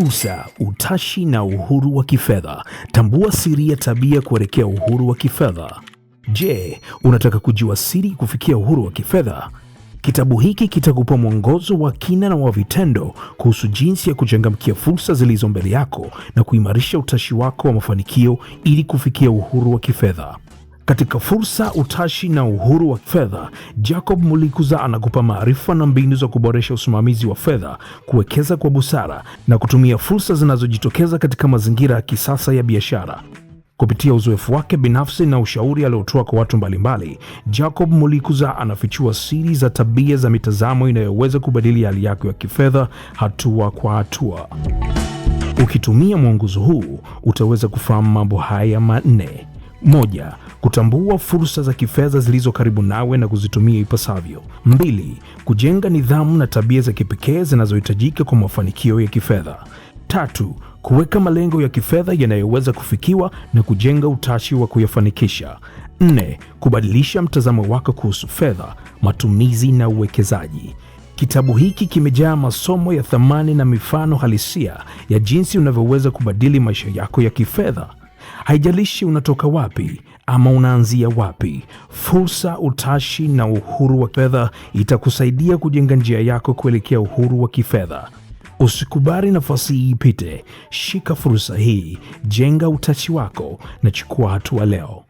Fursa, utashi na uhuru wa kifedha. Tambua siri ya tabia kuelekea uhuru wa kifedha. Je, unataka kujua siri kufikia uhuru wa kifedha? Kitabu hiki kitakupa mwongozo wa kina na wa vitendo kuhusu jinsi ya kuchangamkia fursa zilizo mbele yako na kuimarisha utashi wako wa mafanikio ili kufikia uhuru wa kifedha. Katika fursa, utashi na uhuru wa fedha, Jacob Mulikuza anakupa maarifa na mbinu za kuboresha usimamizi wa fedha, kuwekeza kwa busara na kutumia fursa zinazojitokeza katika mazingira ya kisasa ya biashara. Kupitia uzoefu wake binafsi na ushauri aliotoa kwa watu mbalimbali, Jacob Mulikuza anafichua siri za tabia za mitazamo inayoweza kubadili hali yako ya kifedha hatua kwa hatua. Ukitumia mwongozo huu utaweza kufahamu mambo haya manne. Moja, kutambua fursa za kifedha zilizo karibu nawe na kuzitumia ipasavyo. Mbili, kujenga nidhamu na tabia za kipekee zinazohitajika kwa mafanikio ya kifedha. Tatu, kuweka malengo ya kifedha yanayoweza kufikiwa na kujenga utashi wa kuyafanikisha. Nne, kubadilisha mtazamo wako kuhusu fedha, matumizi na uwekezaji. Kitabu hiki kimejaa masomo ya thamani na mifano halisia ya jinsi unavyoweza kubadili maisha yako ya kifedha. Haijalishi unatoka wapi ama unaanzia wapi, fursa, utashi na uhuru wa fedha itakusaidia kujenga njia yako kuelekea uhuru wa kifedha. Usikubali nafasi hii ipite. Shika fursa hii, jenga utashi wako na chukua hatua leo.